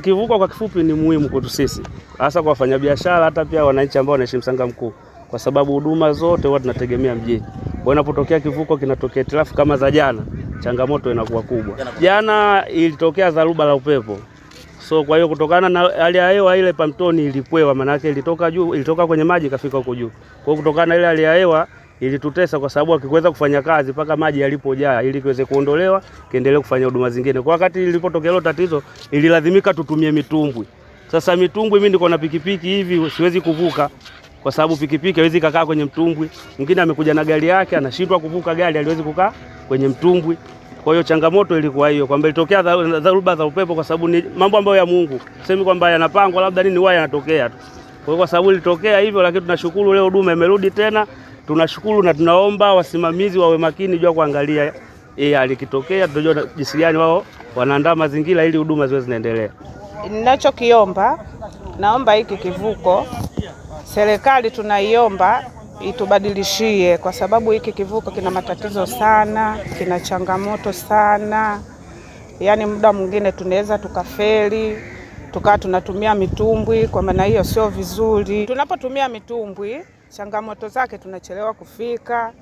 Kivuko kwa kifupi ni muhimu kwetu sisi, hasa kwa wafanyabiashara, hata pia wananchi ambao wanaishi Msanga Mkuu, kwa sababu huduma zote huwa tunategemea mjini. Kwa inapotokea kivuko kinatokea hitilafu kama za jana, changamoto inakuwa kubwa. Jana ilitokea dharuba la upepo, so kwa hiyo kutokana na hali ya hewa ile pamtoni ilikwewa, maana ilitoka juu, ilitoka kwenye maji ikafika huko juu. Kwa hiyo kutokana na ile hali ya hewa ilitutesa kwa sababu akikuweza kufanya kazi mpaka maji yalipojaa ili kiweze kuondolewa kiendelee kufanya huduma zingine. Kwa wakati ilipotokea tatizo, ililazimika tutumie mitumbwi. Sasa mitumbwi, mimi niko na pikipiki hivi, siwezi kuvuka kwa sababu pikipiki haiwezi kukaa kwenye mtumbwi. Mwingine amekuja na gari yake, anashindwa kuvuka gari, aliwezi kukaa kwenye mtumbwi. Kwa hiyo changamoto ilikuwa hiyo kwamba ilitokea dharuba za upepo, kwa sababu ni mambo ambayo ya Mungu, sema kwamba yanapangwa labda nini, huwa yanatokea tu. Kwa hiyo kwa sababu ilitokea hivyo, lakini tunashukuru leo huduma imerudi tena. Tunashukuru na tunaomba wasimamizi wawe makini jua kuangalia hii eh, hali ikitokea, tunajua jinsi gani wao wanaandaa mazingira ili huduma ziwe zinaendelea. Ninachokiomba, naomba hiki kivuko serikali tunaiomba itubadilishie, kwa sababu hiki kivuko kina matatizo sana, kina changamoto sana. Yaani muda mwingine tunaweza tukafeli tukawa tunatumia mitumbwi, kwa maana hiyo sio vizuri. Tunapotumia mitumbwi changamoto zake, tunachelewa kufika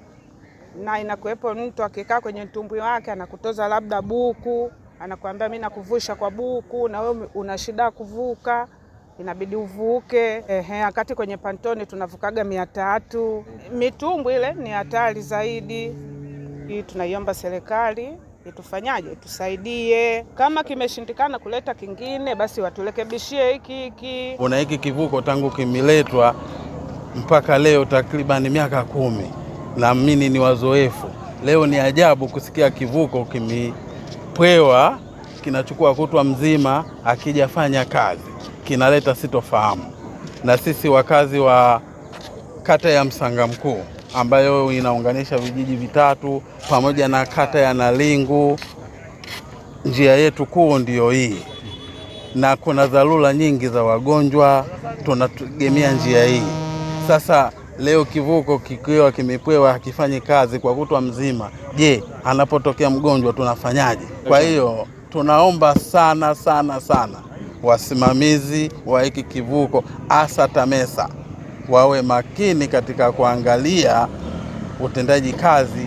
na inakuwepo mtu akikaa kwenye mtumbwi wake anakutoza labda buku, anakuambia mimi nakuvusha kwa buku na wewe una shida kuvuka, inabidi uvuke. Ehe, wakati kwenye pantoni tunavukaga mia tatu. Mitumbwi ile ni hatari zaidi. Hii tunaiomba serikali itufanyaje, tusaidie. Kama kimeshindikana kuleta kingine, basi waturekebishie hiki hiki. Kuna hiki kivuko tangu kimiletwa mpaka leo takriban miaka kumi. Naamini ni wazoefu. Leo ni ajabu kusikia kivuko kimepwewa, kinachukua kutwa mzima akijafanya kazi, kinaleta sitofahamu. Na sisi wakazi wa kata ya Msanga Mkuu ambayo inaunganisha vijiji vitatu pamoja na kata ya Nalingu, njia yetu kuu ndiyo hii, na kuna dharura nyingi za wagonjwa, tunategemea njia hii. Sasa leo kivuko kikiwa kimepwewa hakifanyi kazi kwa kutwa mzima, je, anapotokea mgonjwa tunafanyaje? Kwa hiyo tunaomba sana sana sana wasimamizi wa hiki kivuko hasa TAMESA wawe makini katika kuangalia utendaji kazi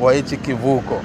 wa hichi kivuko.